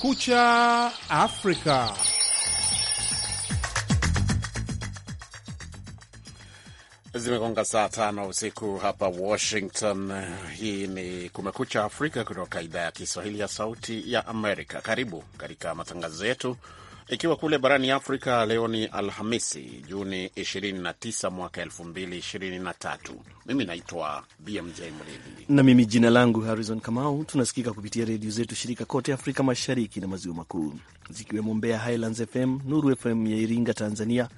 Kumekucha Afrika. Zimegonga saa tano usiku hapa Washington. Hii ni Kumekucha Afrika kutoka idhaa ya Kiswahili ya Sauti ya Amerika. Karibu katika matangazo yetu ikiwa kule barani Afrika leo ni Alhamisi, Juni 29 mwaka 2023. Mimi naitwa BMJ Mridhi na mimi jina langu Harrison Kamau. Tunasikika kupitia redio zetu shirika kote Afrika Mashariki na Maziwa Makuu, zikiwemo Mbeya Highlands FM, Nuru FM ya Iringa Tanzania,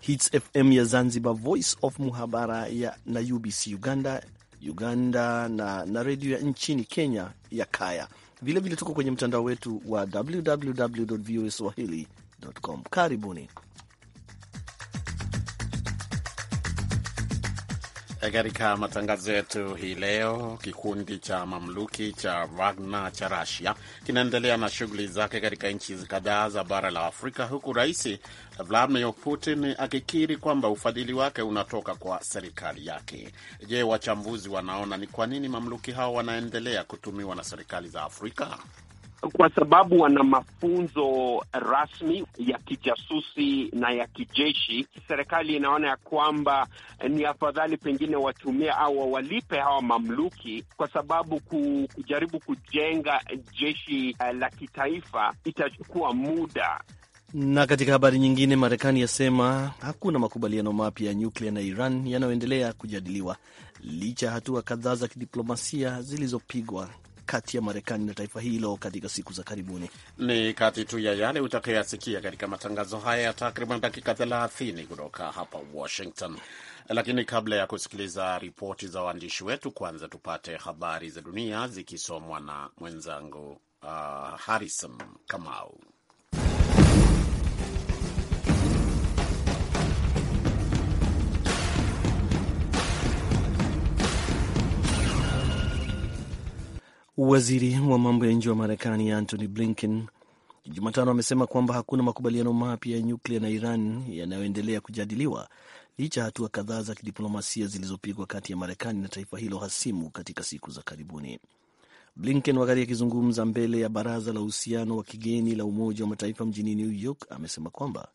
Hits FM ya Zanzibar, Voice of Muhabara ya na UBC Uganda Uganda na, na redio ya nchini Kenya ya Kaya. Vilevile tuko kwenye mtandao wetu wa www voa swahili voaswahili.com. Karibuni e, katika matangazo yetu hii leo. Kikundi cha mamluki cha Wagner cha Russia kinaendelea na shughuli zake katika nchi kadhaa za bara la Afrika, huku rais Vladimir Putin akikiri kwamba ufadhili wake unatoka kwa serikali yake. Je, wachambuzi wanaona ni kwa nini mamluki hao wanaendelea kutumiwa na serikali za Afrika? kwa sababu wana mafunzo rasmi ya kijasusi na ya kijeshi. Serikali inaona ya kwamba ni afadhali pengine watumie au wawalipe hawa mamluki, kwa sababu kujaribu kujenga jeshi eh, la kitaifa itachukua muda. Na katika habari nyingine, Marekani yasema hakuna makubaliano mapya ya nyuklia na Iran yanayoendelea kujadiliwa licha ya hatua kadhaa za kidiplomasia zilizopigwa kati ya Marekani na taifa hilo katika siku za karibuni. Ni kati tu ya yale utakayasikia katika matangazo haya ya takriban dakika 30 kutoka hapa Washington. Lakini kabla ya kusikiliza ripoti za waandishi wetu, kwanza tupate habari za dunia zikisomwa na mwenzangu uh, Harrison Kamau. Waziri wa mambo ya nje wa Marekani Antony Blinken Jumatano amesema kwamba hakuna makubaliano mapya ya nyuklia na Iran yanayoendelea kujadiliwa licha ya hatua kadhaa za kidiplomasia zilizopigwa kati ya Marekani na taifa hilo hasimu katika siku za karibuni. Blinken wakati akizungumza mbele ya baraza la uhusiano wa kigeni la Umoja wa Mataifa mjini New York amesema kwamba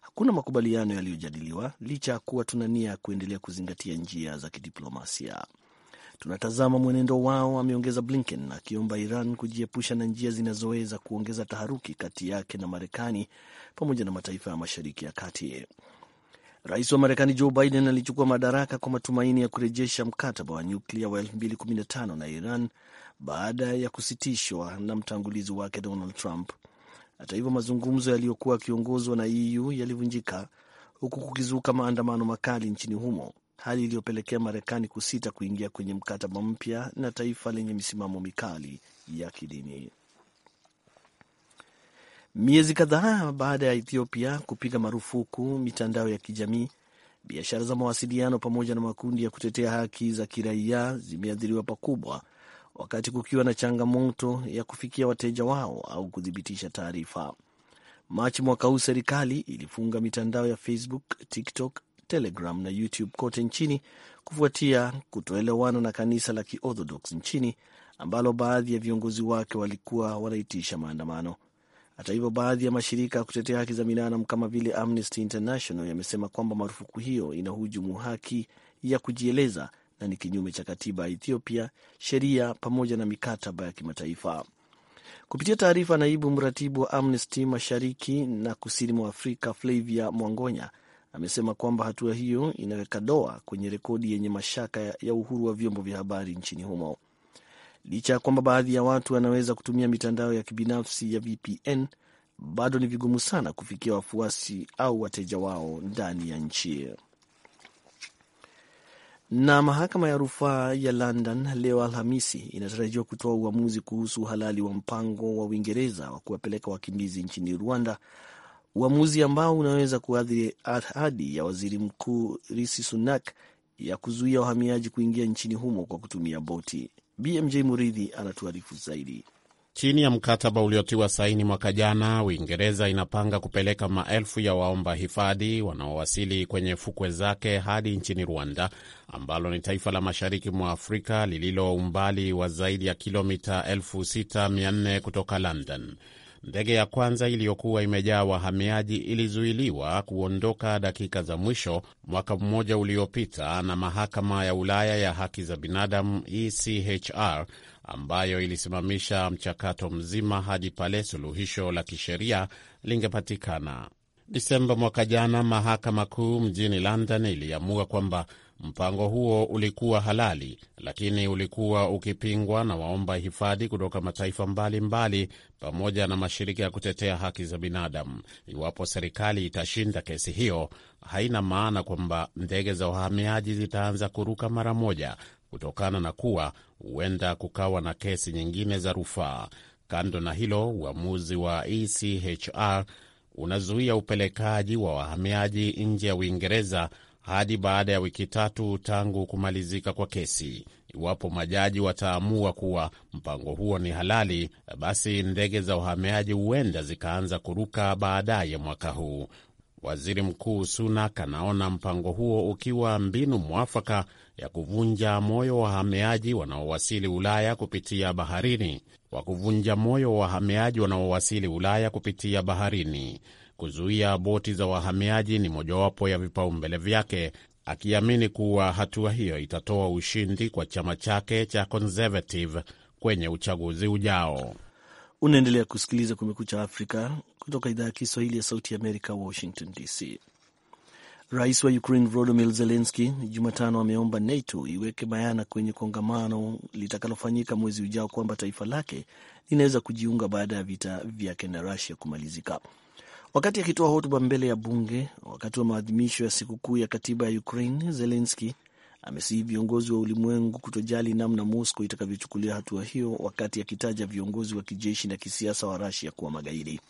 hakuna makubaliano yaliyojadiliwa licha ya kuwa tuna nia ya kuendelea kuzingatia njia za kidiplomasia tunatazama mwenendo wao, ameongeza Blinken, akiomba Iran kujiepusha na njia zinazoweza kuongeza taharuki kati yake na Marekani pamoja na mataifa ya Mashariki ya Kati. Rais wa Marekani Joe Biden alichukua madaraka kwa matumaini ya kurejesha mkataba wa nyuklia wa 2015 na Iran baada ya kusitishwa na mtangulizi wake Donald Trump. Hata hivyo, mazungumzo yaliyokuwa yakiongozwa na EU yalivunjika huku kukizuka maandamano makali nchini humo hali iliyopelekea Marekani kusita kuingia kwenye mkataba mpya na taifa lenye misimamo mikali ya kidini. Miezi kadhaa baada ya Ethiopia kupiga marufuku mitandao ya kijamii, biashara za mawasiliano pamoja na makundi ya kutetea haki za kiraia zimeathiriwa pakubwa, wakati kukiwa na changamoto ya kufikia wateja wao au kuthibitisha taarifa. Machi mwaka huu serikali ilifunga mitandao ya Facebook, TikTok, Telegram na YouTube kote nchini kufuatia kutoelewana na kanisa la Kiorthodox nchini ambalo baadhi ya viongozi wake walikuwa wanaitisha maandamano. Hata hivyo, baadhi ya mashirika ya kutetea haki za binadamu kama vile Amnesty International yamesema kwamba marufuku hiyo inahujumu haki ya kujieleza na ni kinyume cha katiba ya Ethiopia, sheria pamoja na mikataba ya kimataifa. Kupitia taarifa, naibu mratibu wa Amnesty mashariki na kusini mwa Afrika Flavia Mwangonya amesema kwamba hatua hiyo inaweka doa kwenye rekodi yenye mashaka ya uhuru wa vyombo vya habari nchini humo. Licha ya kwamba baadhi ya watu wanaweza kutumia mitandao ya kibinafsi ya VPN, bado ni vigumu sana kufikia wafuasi au wateja wao ndani ya nchi. Na mahakama ya rufaa ya London leo Alhamisi inatarajiwa kutoa uamuzi kuhusu uhalali wa mpango wa Uingereza wa kuwapeleka wakimbizi nchini Rwanda uamuzi ambao unaweza kuathiri ahadi ya waziri mkuu Rishi Sunak ya kuzuia wahamiaji kuingia nchini humo kwa kutumia boti. BMJ Muridhi anatuarifu zaidi. Chini ya mkataba uliotiwa saini mwaka jana, Uingereza inapanga kupeleka maelfu ya waomba hifadhi wanaowasili kwenye fukwe zake hadi nchini Rwanda, ambalo ni taifa la mashariki mwa Afrika lililo umbali wa zaidi ya kilomita 6400 kutoka London. Ndege ya kwanza iliyokuwa imejaa wahamiaji ilizuiliwa kuondoka dakika za mwisho mwaka mmoja uliopita na mahakama ya Ulaya ya haki za binadamu ECHR ambayo ilisimamisha mchakato mzima hadi pale suluhisho la kisheria lingepatikana. Desemba mwaka jana, mahakama kuu mjini London iliamua kwamba Mpango huo ulikuwa halali, lakini ulikuwa ukipingwa na waomba hifadhi kutoka mataifa mbalimbali mbali, pamoja na mashirika ya kutetea haki za binadamu. Iwapo serikali itashinda kesi hiyo, haina maana kwamba ndege za uhamiaji zitaanza kuruka mara moja, kutokana na kuwa huenda kukawa na kesi nyingine za rufaa. Kando na hilo, uamuzi wa ECHR unazuia upelekaji wa wahamiaji nje ya Uingereza hadi baada ya wiki tatu tangu kumalizika kwa kesi. Iwapo majaji wataamua kuwa mpango huo ni halali, basi ndege za uhamiaji huenda zikaanza kuruka baadaye mwaka huu. Waziri Mkuu Sunak anaona mpango huo ukiwa mbinu mwafaka ya kuvunja moyo wa wahamiaji wanaowasili Ulaya kupitia baharini, wa kuvunja moyo wa wahamiaji wanaowasili Ulaya kupitia baharini kuzuia boti za wahamiaji ni mojawapo ya vipaumbele vyake, akiamini kuwa hatua hiyo itatoa ushindi kwa chama chake cha Conservative kwenye uchaguzi ujao. Unaendelea kusikiliza Kumekucha Afrika kutoka idhaa ya Kiswahili ya Sauti ya Amerika, Washington DC. Rais wa Ukraine Volodymyr Zelenski Jumatano ameomba NATO iweke bayana kwenye kongamano litakalofanyika mwezi ujao kwamba taifa lake linaweza kujiunga baada ya vita vyake na Rusia kumalizika. Wakati akitoa hotuba mbele ya bunge wakati wa maadhimisho ya sikukuu ya katiba ya Ukraine, Zelenski amesihi viongozi wa ulimwengu kutojali namna mosco itakavyochukulia hatua hiyo, wakati akitaja viongozi wa kijeshi na kisiasa wa rasia kuwa magaidi.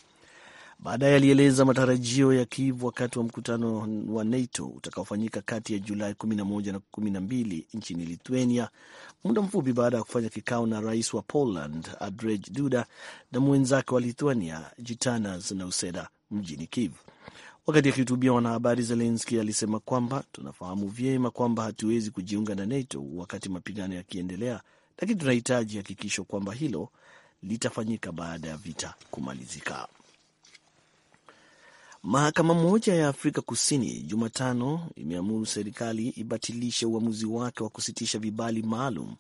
Baadaye alieleza matarajio ya Kiev wakati wa mkutano wa NATO utakaofanyika kati ya Julai 11 na 12 nchini Lithuania, muda mfupi baada ya kufanya kikao na rais wa Poland Andrzej Duda na mwenzake wa Lithuania Gitanas Nauseda mjini Kiev. Wakati akihutubia wanahabari, Zelenski alisema kwamba tunafahamu vyema kwamba hatuwezi kujiunga na NATO wakati mapigano yakiendelea, lakini tunahitaji hakikisho kwamba hilo litafanyika baada ya vita kumalizika. Mahakama moja ya Afrika Kusini Jumatano imeamuru serikali ibatilishe uamuzi wake wa kusitisha vibali maalum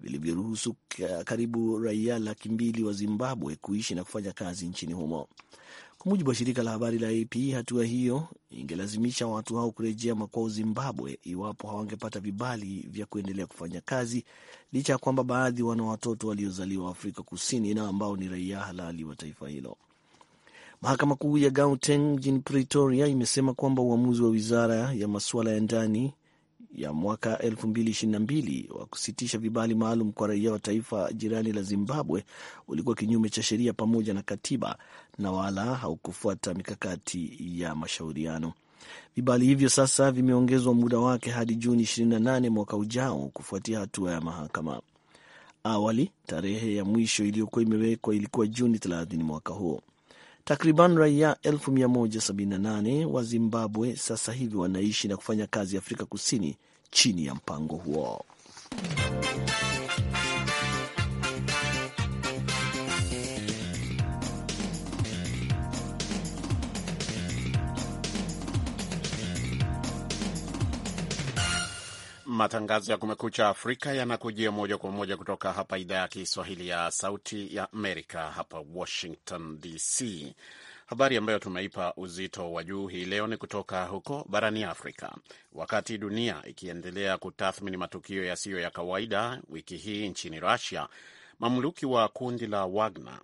vilivyoruhusu karibu raia laki mbili wa Zimbabwe kuishi na kufanya kazi nchini humo. Kwa mujibu wa shirika la habari la AP, hatua hiyo ingelazimisha watu hao kurejea makwao Zimbabwe iwapo hawangepata vibali vya kuendelea kufanya kazi, licha ya kwamba baadhi wana watoto waliozaliwa Afrika Kusini na ambao ni raia halali wa taifa hilo. Mahakama Kuu ya Gauteng mjini Pretoria imesema kwamba uamuzi wa wizara ya masuala ya ndani ya mwaka 2022 wa kusitisha vibali maalum kwa raia wa taifa jirani la Zimbabwe ulikuwa kinyume cha sheria pamoja na katiba, na wala haukufuata mikakati ya mashauriano. Vibali hivyo sasa vimeongezwa muda wake hadi Juni 28 mwaka ujao kufuatia hatua ya mahakama. Awali tarehe ya mwisho iliyokuwa imewekwa ilikuwa Juni 30 mwaka huo. Takriban raia 178 wa Zimbabwe sasa hivi wanaishi na kufanya kazi Afrika Kusini chini ya mpango huo. Matangazo ya Kumekucha Afrika yanakujia moja kwa moja kutoka hapa idhaa ya Kiswahili ya Sauti ya Amerika, hapa Washington DC. Habari ambayo tumeipa uzito wa juu hii leo ni kutoka huko barani Afrika. Wakati dunia ikiendelea kutathmini matukio yasiyo ya kawaida wiki hii nchini Russia, mamluki wa kundi la Wagner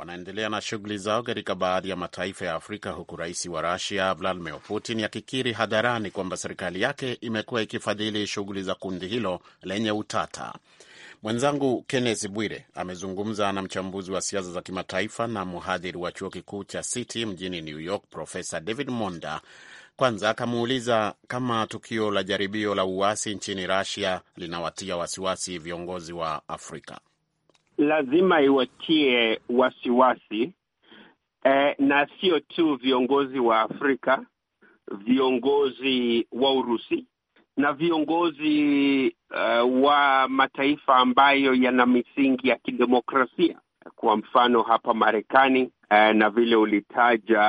wanaendelea na shughuli zao katika baadhi ya mataifa ya Afrika, huku rais wa Rusia Vladimir Putin akikiri hadharani kwamba serikali yake imekuwa ikifadhili shughuli za kundi hilo lenye utata. Mwenzangu Kenneth Bwire amezungumza na mchambuzi wa siasa za kimataifa na mhadhiri wa chuo kikuu cha City mjini New York, Profesa David Monda. Kwanza akamuuliza kama tukio la jaribio la uasi nchini rasia linawatia wasiwasi viongozi wa Afrika lazima iwatie wasiwasi eh, na sio tu viongozi wa Afrika, viongozi wa Urusi na viongozi uh, wa mataifa ambayo yana misingi ya kidemokrasia, kwa mfano hapa Marekani uh, na vile ulitaja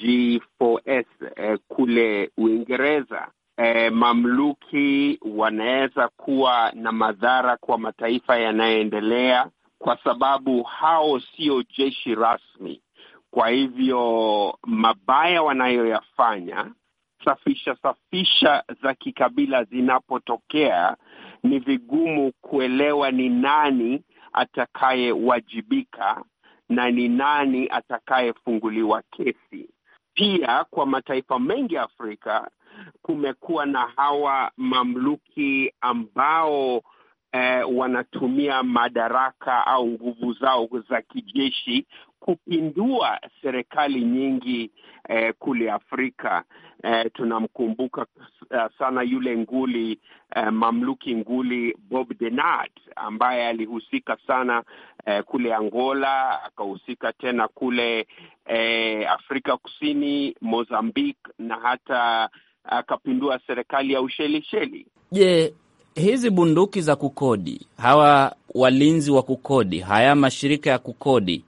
G4S uh, eh, kule Uingereza eh, mamluki wanaweza kuwa na madhara kwa mataifa yanayoendelea, kwa sababu hao sio jeshi rasmi. Kwa hivyo mabaya wanayoyafanya, safisha safisha za kikabila zinapotokea, ni vigumu kuelewa ni nani atakayewajibika na ni nani atakayefunguliwa kesi. Pia kwa mataifa mengi ya Afrika kumekuwa na hawa mamluki ambao eh, wanatumia madaraka au nguvu zao za kijeshi kupindua serikali nyingi eh, kule Afrika. Eh, tunamkumbuka eh, sana yule nguli eh, mamluki nguli Bob Denard ambaye alihusika sana eh, kule Angola, akahusika tena kule eh, Afrika Kusini, Mozambique na hata akapindua serikali ya Ushelisheli. Je, hizi bunduki za kukodi, hawa walinzi wa kukodi, haya mashirika ya kukodi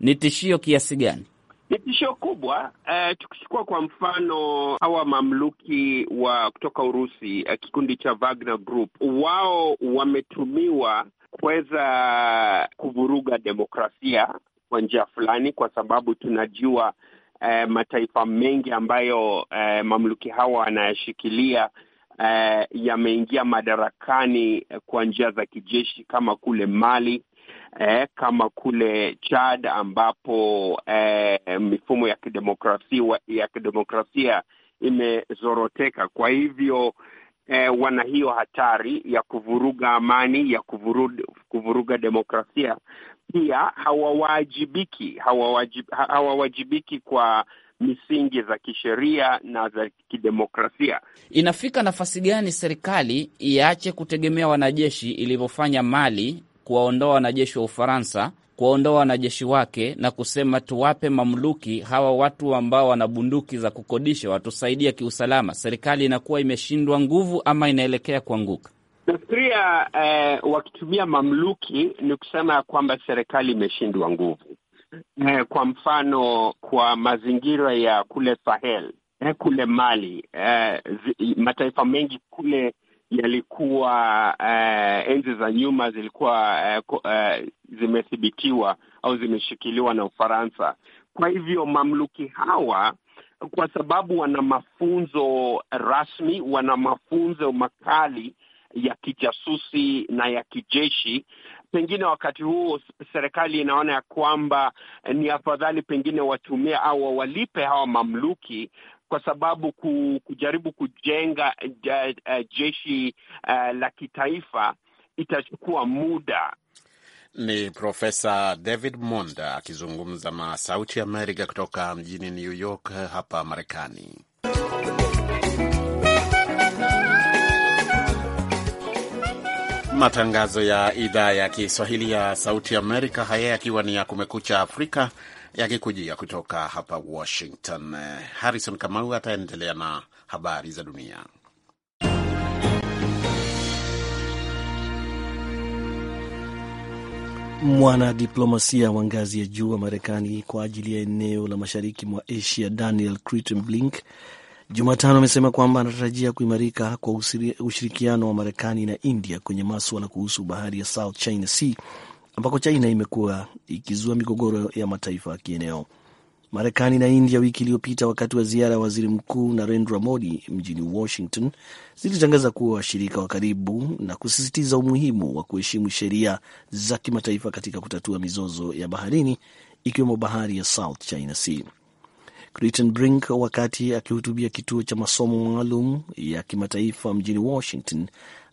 ni tishio kiasi gani? Ni tishio kubwa. Uh, eh, tukichukua kwa mfano hawa mamluki wa kutoka Urusi, uh, kikundi cha Wagner Group, wao wametumiwa kuweza kuvuruga demokrasia kwa njia fulani, kwa sababu tunajua eh, mataifa mengi ambayo eh, mamluki hawa wanayashikilia eh, yameingia madarakani eh, kwa njia za kijeshi kama kule Mali eh, kama kule Chad ambapo eh, mifumo ya kidemokrasia ya kidemokrasia imezoroteka. Kwa hivyo eh, wana hiyo hatari ya kuvuruga amani ya kuvuruga demokrasia pia hawawajibiki hawawajib, hawawajibiki kwa misingi za kisheria na za kidemokrasia. Inafika nafasi gani serikali iache kutegemea wanajeshi ilivyofanya Mali, kuwaondoa wanajeshi wa Ufaransa, kuwaondoa wanajeshi wake na kusema tuwape mamluki hawa watu ambao wana bunduki za kukodisha watusaidia kiusalama? Serikali inakuwa imeshindwa nguvu ama inaelekea kuanguka? Nafikiria eh, wakitumia mamluki ni kusema kwamba serikali imeshindwa nguvu. Eh, kwa mfano kwa mazingira ya kule Sahel eh, kule Mali eh, zi, mataifa mengi kule yalikuwa eh, enzi za nyuma zilikuwa eh, eh, zimethibitiwa au zimeshikiliwa na Ufaransa. Kwa hivyo mamluki hawa kwa sababu wana mafunzo rasmi, wana mafunzo makali ya kijasusi na ya kijeshi. Pengine wakati huu serikali inaona ya kwamba ni afadhali pengine watumie au wawalipe hawa mamluki kwa sababu kujaribu kujenga eh, jeshi eh, la kitaifa itachukua muda. Ni Profesa David Monda akizungumza na Sauti Amerika kutoka mjini New York eh, hapa Marekani. Matangazo ya idhaa ya Kiswahili ya Sauti Amerika, haya yakiwa ni ya Kumekucha Afrika yakikujia kutoka hapa Washington. Harrison Kamau ataendelea na habari za dunia. Mwanadiplomasia wa ngazi ya juu wa Marekani kwa ajili ya eneo la mashariki mwa Asia, Daniel blink Jumatano amesema kwamba anatarajia kuimarika kwa ushirikiano wa Marekani na India kwenye maswala kuhusu bahari ya South China Sea ambako China imekuwa ikizua migogoro ya mataifa ya kieneo. Marekani na India wiki iliyopita, wakati wa ziara ya waziri mkuu Narendra Modi mjini Washington, zilitangaza kuwa washirika wa karibu na kusisitiza umuhimu wa kuheshimu sheria za kimataifa katika kutatua mizozo ya baharini ikiwemo bahari ya South China Sea. Brink wakati akihutubia kituo cha masomo maalum ya kimataifa mjini Washington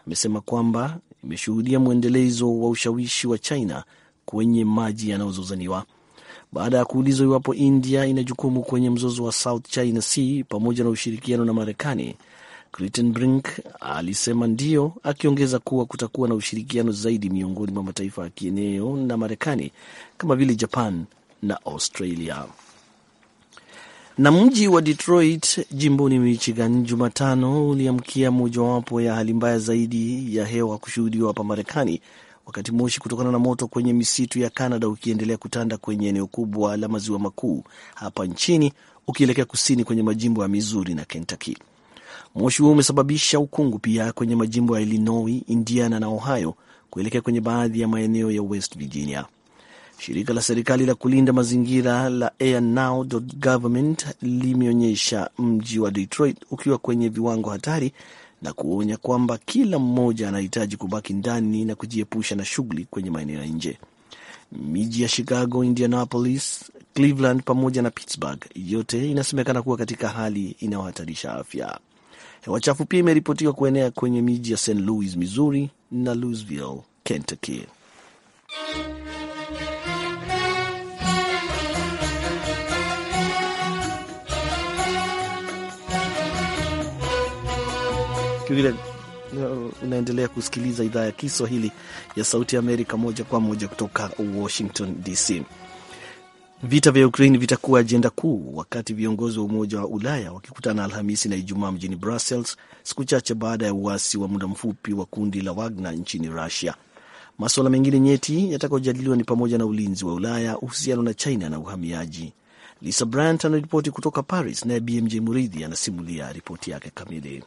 amesema kwamba imeshuhudia mwendelezo wa ushawishi wa China kwenye maji yanayozozaniwa baada ya kuulizwa iwapo India ina jukumu kwenye mzozo wa South China Sea pamoja na ushirikiano na Marekani. Brink alisema ndio akiongeza kuwa kutakuwa na ushirikiano zaidi miongoni mwa mataifa ya kieneo na Marekani kama vile Japan na Australia. Na mji wa Detroit jimboni Michigan Jumatano uliamkia mojawapo ya hali mbaya zaidi ya hewa kushuhudiwa hapa Marekani, wakati moshi kutokana na moto kwenye misitu ya Canada ukiendelea kutanda kwenye eneo kubwa la maziwa makuu hapa nchini ukielekea kusini kwenye majimbo ya Missouri na Kentucky. Moshi huo umesababisha ukungu pia kwenye majimbo ya Illinois, Indiana na Ohio kuelekea kwenye baadhi ya maeneo ya West Virginia. Shirika la serikali la kulinda mazingira la AirNow.gov limeonyesha mji wa Detroit ukiwa kwenye viwango hatari na kuonya kwamba kila mmoja anahitaji kubaki ndani na kujiepusha na shughuli kwenye maeneo ya nje. Miji ya Chicago, Indianapolis, Cleveland pamoja na Pittsburgh yote inasemekana kuwa katika hali inayohatarisha afya. Hewa chafu pia imeripotiwa kuenea kwenye miji ya St. Louis, Missouri na Louisville, Kentucky. Kivile uh, unaendelea kusikiliza idhaa ya Kiswahili ya Sauti ya Amerika moja kwa moja kutoka Washington DC. Vita vya Ukraini vitakuwa ajenda kuu wakati viongozi wa Umoja wa Ulaya wakikutana Alhamisi na Ijumaa mjini Brussels, siku chache baada ya uasi wa muda mfupi wa kundi la Wagner nchini Russia. Masuala mengine nyeti yatakayojadiliwa ni pamoja na ulinzi wa Ulaya, uhusiano na China na uhamiaji. Lisa Bryant anaripoti kutoka Paris, naye BMJ Muridhi anasimulia ripoti yake kamili.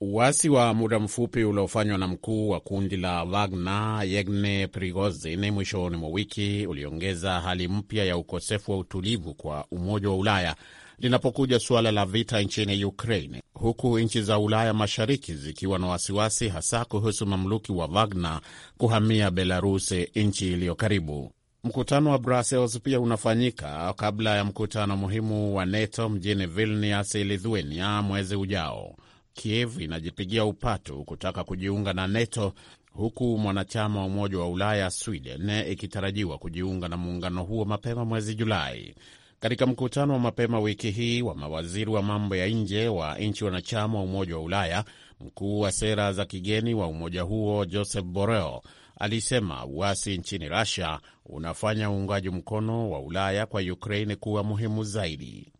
Uasi wa muda mfupi uliofanywa na mkuu wa kundi la Wagner Yegne Prigozin mwishoni mwa wiki uliongeza hali mpya ya ukosefu wa utulivu kwa Umoja wa Ulaya linapokuja suala la vita nchini Ukraine, huku nchi za Ulaya Mashariki zikiwa na wasiwasi hasa kuhusu mamluki wa Wagner kuhamia Belarusi, nchi iliyo karibu. Mkutano wa Brussels pia unafanyika kabla ya mkutano muhimu wa NATO mjini Vilnius, Lithuania, mwezi ujao. Kiev inajipigia upatu kutaka kujiunga na NATO huku mwanachama wa Umoja wa Ulaya Sweden ikitarajiwa kujiunga na muungano huo mapema mwezi Julai. Katika mkutano wa mapema wiki hii wa mawaziri wa mambo ya nje wa nchi wanachama wa Umoja wa Ulaya, mkuu wa sera za kigeni wa umoja huo Joseph Borrell alisema uasi nchini Russia unafanya uungaji mkono wa Ulaya kwa Ukraine kuwa muhimu zaidi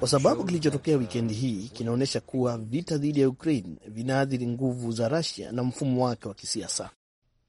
kwa sababu kilichotokea wikendi hii kinaonyesha kuwa vita dhidi ya Ukraine vinaathiri nguvu za rasia na mfumo wake wa kisiasa.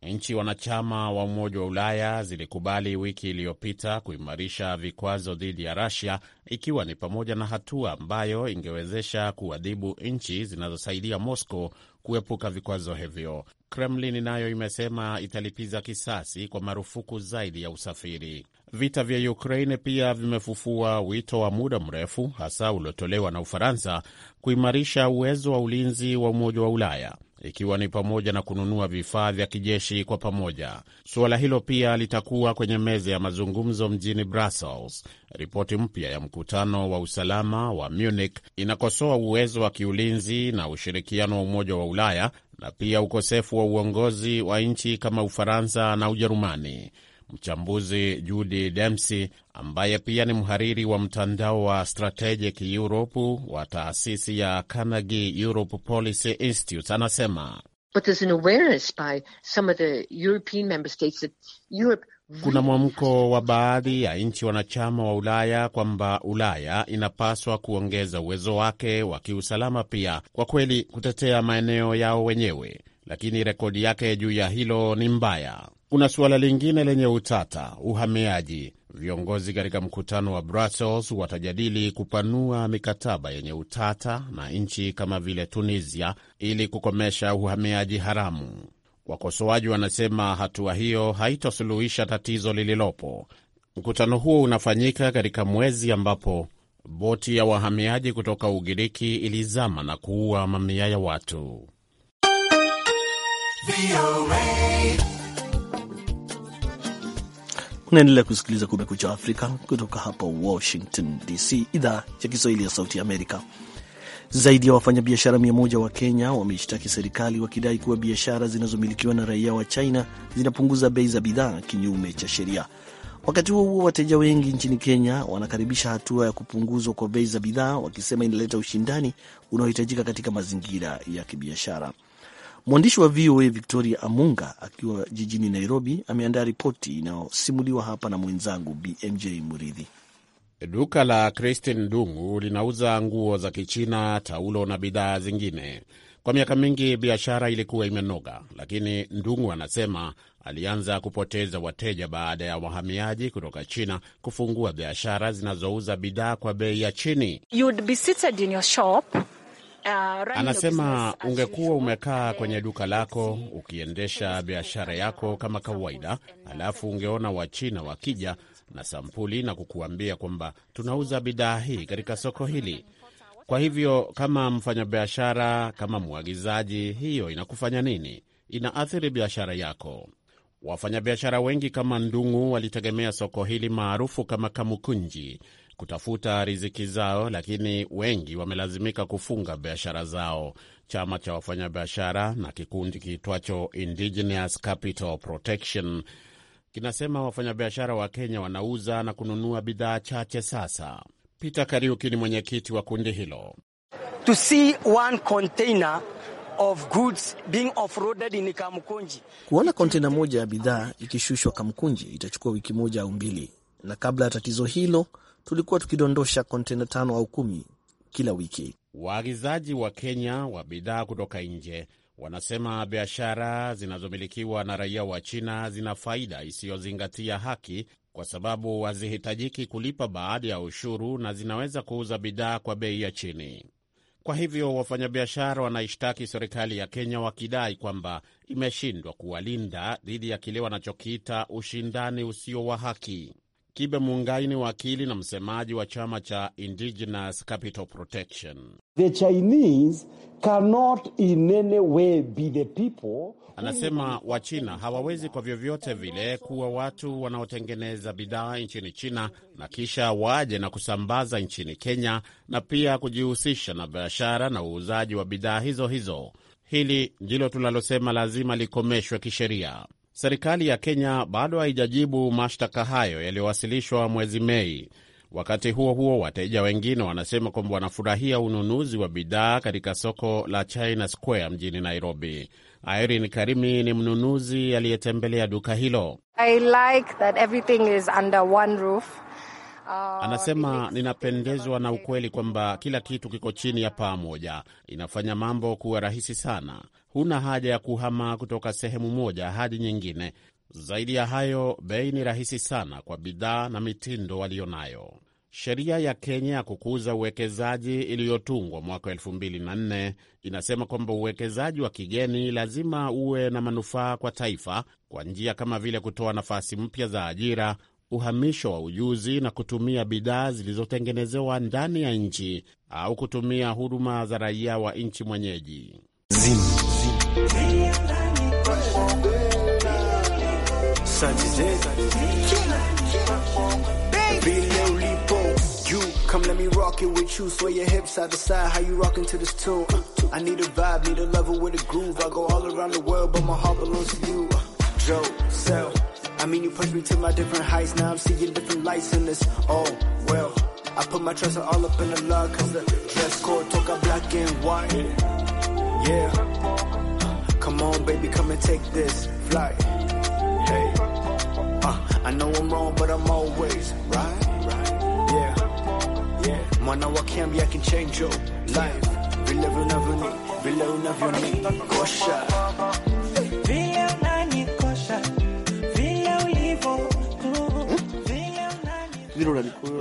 Nchi wanachama wa Umoja wa Ulaya zilikubali wiki iliyopita kuimarisha vikwazo dhidi ya rasia ikiwa ni pamoja na hatua ambayo ingewezesha kuadhibu nchi zinazosaidia Moscow kuepuka vikwazo hivyo. Kremlin nayo imesema italipiza kisasi kwa marufuku zaidi ya usafiri. Vita vya Ukraine pia vimefufua wito wa muda mrefu, hasa uliotolewa na Ufaransa kuimarisha uwezo wa ulinzi wa Umoja wa Ulaya ikiwa ni pamoja na kununua vifaa vya kijeshi kwa pamoja. Suala hilo pia litakuwa kwenye meza ya mazungumzo mjini Brussels. Ripoti mpya ya mkutano wa usalama wa Munich inakosoa uwezo wa kiulinzi na ushirikiano wa Umoja wa Ulaya na pia ukosefu wa uongozi wa nchi kama Ufaransa na Ujerumani. Mchambuzi Judy Dempsey ambaye pia ni mhariri wa mtandao wa Strategic Europe wa taasisi ya Carnegie Europe Policy Institute anasema kuna mwamko wa baadhi ya nchi wanachama wa Ulaya kwamba Ulaya inapaswa kuongeza uwezo wake wa kiusalama pia kwa kweli kutetea maeneo yao wenyewe lakini rekodi yake juu ya hilo ni mbaya. Kuna suala lingine lenye utata: uhamiaji. Viongozi katika mkutano wa Brussels watajadili kupanua mikataba yenye utata na nchi kama vile Tunisia ili kukomesha uhamiaji haramu. Wakosoaji wanasema hatua hiyo haitosuluhisha tatizo lililopo. Mkutano huo unafanyika katika mwezi ambapo boti ya wahamiaji kutoka Ugiriki ilizama na kuua mamia ya watu. Unaendelea kusikiliza Kumekucha Afrika kutoka hapa Washington DC, idhaa ya Kiswahili ya Sauti Amerika. Zaidi ya wafanyabiashara mia moja wa Kenya wameishtaki serikali wakidai kuwa biashara zinazomilikiwa na raia wa China zinapunguza bei za bidhaa kinyume cha sheria. Wakati huo huo, wateja wengi nchini Kenya wanakaribisha hatua ya kupunguzwa kwa bei za bidhaa, wakisema inaleta ushindani unaohitajika katika mazingira ya kibiashara. Mwandishi wa VOA Victoria Amunga akiwa jijini Nairobi ameandaa ripoti inayosimuliwa hapa na mwenzangu BMJ Muridhi. Duka la Christine Dungu linauza nguo za Kichina, taulo na bidhaa zingine. Kwa miaka mingi biashara ilikuwa imenoga, lakini Ndungu anasema alianza kupoteza wateja baada ya wahamiaji kutoka China kufungua biashara zinazouza bidhaa kwa bei ya chini. You'd be seated in your shop Uh, anasema ungekuwa umekaa kwenye duka lako ukiendesha biashara yako kama kawaida, alafu ungeona Wachina wakija na sampuli na kukuambia kwamba tunauza bidhaa hii katika soko hili. Kwa hivyo kama mfanyabiashara, kama mwagizaji, hiyo inakufanya nini? Inaathiri biashara yako. Wafanyabiashara wengi kama Ndung'u walitegemea soko hili maarufu kama Kamukunji kutafuta riziki zao, lakini wengi wamelazimika kufunga biashara zao. Chama cha wafanyabiashara na kikundi kiitwacho Indigenous Capital Protection kinasema wafanyabiashara wa Kenya wanauza na kununua bidhaa chache sasa. Peter Kariuki ni mwenyekiti wa kundi hilo. To see one container of goods being offloaded in kuona kontena moja ya bidhaa ikishushwa kamkunji itachukua wiki moja au mbili, na kabla ya tatizo hilo tulikuwa tukidondosha kontena tano au kumi kila wiki. Waagizaji wa Kenya wa bidhaa kutoka nje wanasema biashara zinazomilikiwa na raia wa China zina faida isiyozingatia haki kwa sababu hazihitajiki kulipa baadhi ya ushuru na zinaweza kuuza bidhaa kwa bei ya chini. Kwa hivyo wafanyabiashara wanaishtaki serikali ya Kenya wakidai kwamba imeshindwa kuwalinda dhidi ya kile wanachokiita ushindani usio wa haki. Kibe Mungaini, wakili na msemaji wa chama cha Indigenous Capital Protection. The Chinese cannot in any way be the people. Anasema Wachina hawawezi kwa vyovyote vile kuwa watu wanaotengeneza bidhaa nchini China na kisha waje na kusambaza nchini Kenya na pia kujihusisha na biashara na uuzaji wa bidhaa hizo hizo. Hili ndilo tunalosema lazima likomeshwe kisheria. Serikali ya Kenya bado haijajibu mashtaka hayo yaliyowasilishwa mwezi Mei. Wakati huo huo, wateja wengine wanasema kwamba wanafurahia ununuzi wa bidhaa katika soko la China Square mjini Nairobi. Irene Karimi ni mnunuzi aliyetembelea duka hilo. I like that everything is under one roof. Anasema, ninapendezwa na ukweli kwamba kila kitu kiko chini ya paa moja. Inafanya mambo kuwa rahisi sana, huna haja ya kuhama kutoka sehemu moja hadi nyingine. Zaidi ya hayo, bei ni rahisi sana kwa bidhaa na mitindo nayo Sheria ya Kenya ya kukuza uwekezaji iliyotungwa mwaka 2004 inasema kwamba uwekezaji wa kigeni lazima uwe na manufaa kwa taifa kwa njia kama vile kutoa nafasi mpya za ajira, uhamisho wa ujuzi na kutumia bidhaa zilizotengenezewa ndani ya nchi au kutumia huduma za raia wa nchi mwenyeji. Zim. Zim. Zim. Joe, sell. I mean, you pushed me to my different heights. Now I'm seeing different lights in this. Oh, well. I put my trust all up in the luck. cause the dress code talk a black and white. Yeah. Come on, baby, come and take this flight. Hey. Uh, I know I'm wrong, but I'm always right. Yeah. Yeah. I wa be, I can change your life. Vile vinavyoni, vile unavyoni, kosha.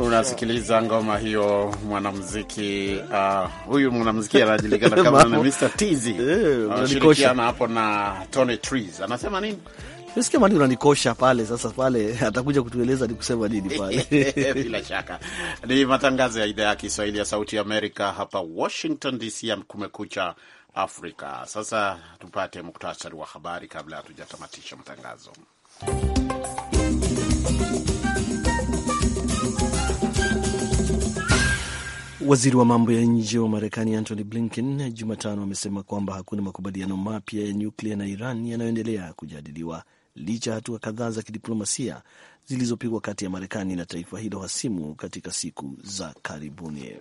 unasikiliza ngoma hiyo, mwanamuziki uh, huyu mwanamuziki anajulikana kama na Mr Tizi anashirikiana hapo na Tony Trees. Anasema nini? Nisikia mani unanikosha pale sasa, pale atakuja kutueleza ni kusema nini pale. Bila shaka ni matangazo ya idhaa ya Kiswahili ya Sauti ya Amerika hapa Washington DC ya Kumekucha Afrika. Sasa tupate muktasari wa habari kabla hatujatamatisha matangazo. Waziri wa mambo ya nje wa Marekani Antony Blinken Jumatano amesema kwamba hakuna makubaliano mapya ya nyuklia na Iran yanayoendelea kujadiliwa licha ya hatua kadhaa za kidiplomasia zilizopigwa kati ya Marekani na taifa hilo hasimu katika siku za karibuni.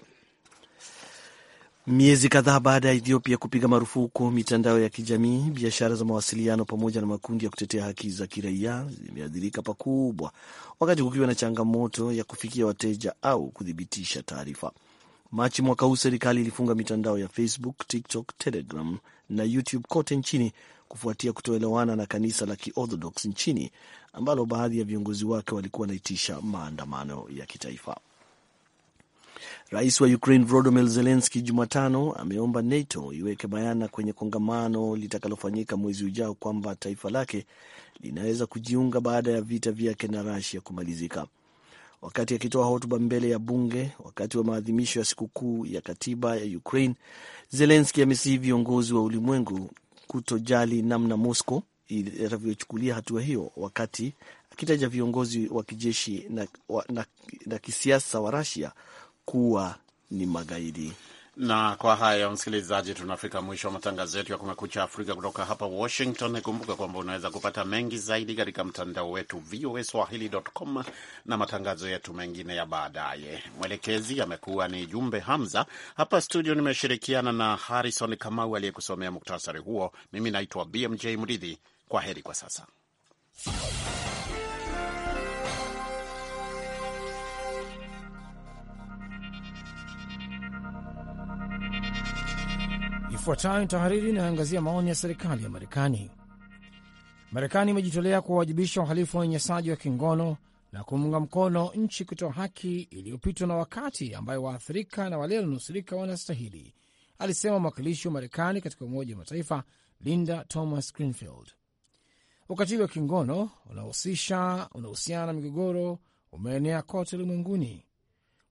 Miezi kadhaa baada ya Ethiopia kupiga marufuku mitandao ya kijamii, biashara za mawasiliano pamoja na makundi ya kutetea haki za kiraia zimeathirika pakubwa, wakati kukiwa na changamoto ya kufikia wateja au kuthibitisha taarifa. Machi mwaka huu serikali ilifunga mitandao ya Facebook, TikTok, Telegram na YouTube kote nchini kufuatia kutoelewana na kanisa la Kiorthodox nchini ambalo baadhi ya viongozi wake walikuwa wanaitisha maandamano ya kitaifa. Rais wa Ukraine Volodymyr Zelensky Jumatano ameomba NATO iweke bayana kwenye kongamano litakalofanyika mwezi ujao kwamba taifa lake linaweza kujiunga baada ya vita vyake na Russia kumalizika wakati akitoa hotuba mbele ya bunge wakati wa maadhimisho ya sikukuu ya katiba ya Ukraine. Zelenski amesihi viongozi wa ulimwengu kutojali namna Moscow itavyochukulia hatua hiyo, wakati akitaja viongozi wa kijeshi na, na, na kisiasa wa Russia kuwa ni magaidi. Na kwa haya msikilizaji, tunafika mwisho wa matangazo yetu ya Kumekucha Afrika kutoka hapa Washington. Kumbuka kwamba unaweza kupata mengi zaidi katika mtandao wetu VOA swahili.com na matangazo yetu mengine ya baadaye. Mwelekezi amekuwa ni Jumbe Hamza. Hapa studio nimeshirikiana na Harrison Kamau aliyekusomea muktasari huo. Mimi naitwa BMJ Mridhi. Kwa heri kwa sasa. Ifuatayo tahariri inayoangazia maoni ya serikali ya Marekani. Marekani imejitolea kuwawajibisha uhalifu wa unyanyasaji wa kingono na kuunga mkono nchi kutoa haki iliyopitwa na wakati ambayo waathirika na wale walionusurika wanastahili, alisema mwakilishi wa Marekani katika Umoja wa Mataifa Linda Thomas Greenfield. Ukatili wa kingono unahusisha unahusiana na migogoro umeenea kote ulimwenguni.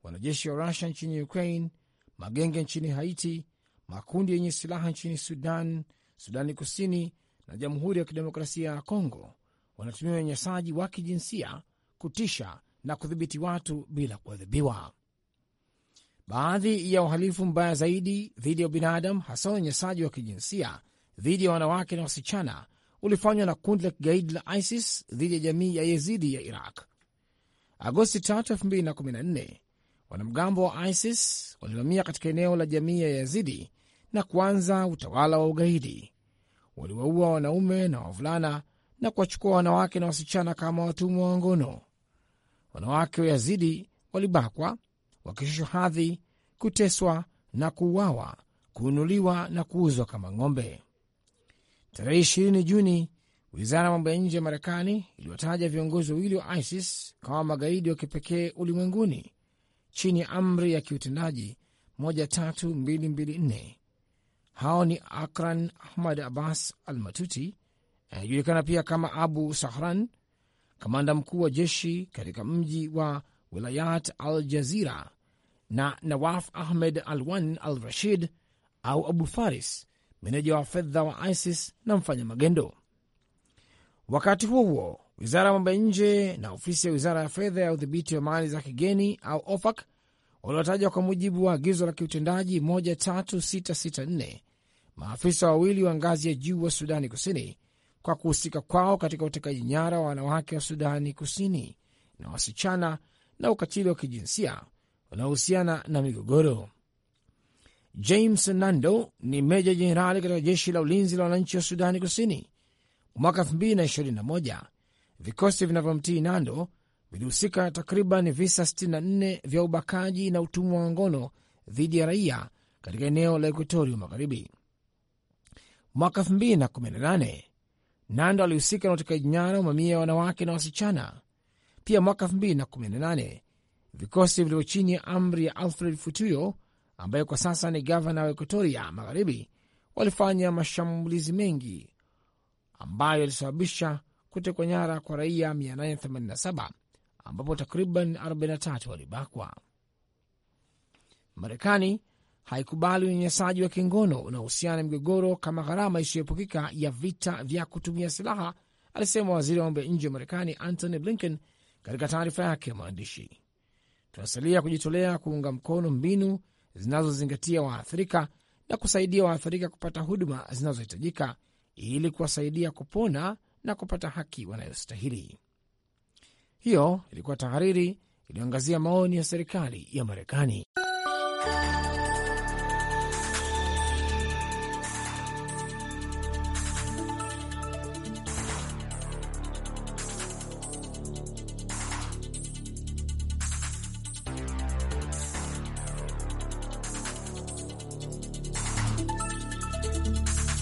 Wanajeshi wa Rusia nchini Ukraine, magenge nchini Haiti makundi yenye silaha nchini Sudan, Sudani Kusini na Jamhuri ya Kidemokrasia ya Kongo wanatumia unyanyasaji wa kijinsia kutisha na kudhibiti watu bila kuadhibiwa. Baadhi ya uhalifu mbaya zaidi dhidi ya binadamu, hasa unyanyasaji wa kijinsia dhidi ya wanawake na wasichana, ulifanywa na kundi la kigaidi la ISIS dhidi ya jamii ya Yezidi ya Iraq. Agosti 3, 2014, wanamgambo wa ISIS walivamia katika eneo la jamii ya Yazidi na kuanza utawala wa ugaidi. Waliwaua wanaume na wavulana na kuwachukua wanawake na wasichana kama watumwa wa ngono. Wanawake Wayazidi walibakwa, wakishushwa hadhi, kuteswa na kuuawa, kuunuliwa na kuuzwa kama ng'ombe. Tarehe 20 Juni, wizara ya mambo ya nje ya Marekani iliwataja viongozi wawili wa ISIS kama magaidi wa kipekee ulimwenguni chini ya amri ya kiutendaji 13224 hao ni Akran Ahmad Abbas al Matuti, anajulikana pia kama Abu Sahran, kamanda mkuu wa jeshi katika mji wa Wilayat al Jazira, na Nawaf Ahmed Alwan al Rashid au Abu Faris, meneja wa fedha wa ISIS na mfanya magendo. Wakati huo huo, wizara ya mambo ya nje na ofisi ya wizara ya fedha ya udhibiti wa mali za kigeni au OFAC waliotajwa kwa mujibu wa agizo la kiutendaji 13664 maafisa wawili wa ngazi ya juu wa Sudani Kusini kwa kuhusika kwao katika utekaji nyara wa wanawake wa Sudani Kusini na wasichana na ukatili wa kijinsia unaohusiana na migogoro. James Nando ni meja jenerali katika jeshi la ulinzi la wananchi wa Sudani Kusini. Mwaka 2021 vikosi vinavyomtii Nando vilihusika na takriban visa 64 vya ubakaji na utumwa wa ngono dhidi ya raia katika eneo la Ekuatoria Magharibi. Mwaka 2018 Nando alihusika na utekaji nyara wa mamia ya wanawake na wasichana. Pia mwaka 2018 vikosi vilivyo chini ya amri ya Alfred Futuyo, ambaye kwa sasa ni gavana wa Ekuatoria Magharibi, walifanya mashambulizi mengi ambayo yalisababisha kutekwa nyara kwa raia ambapo takriban 43 walibakwa. Marekani haikubali unyanyasaji wa kingono unaohusiana na migogoro kama gharama isiyoepukika ya vita vya kutumia silaha, alisema waziri wa mambo ya nje wa Marekani Antony Blinken katika taarifa yake ya maandishi. Tunasalia kujitolea kuunga mkono mbinu zinazozingatia waathirika na kusaidia waathirika kupata huduma zinazohitajika ili kuwasaidia kupona na kupata haki wanayostahili. Hiyo ilikuwa tahariri iliyoangazia maoni ya serikali ya Marekani.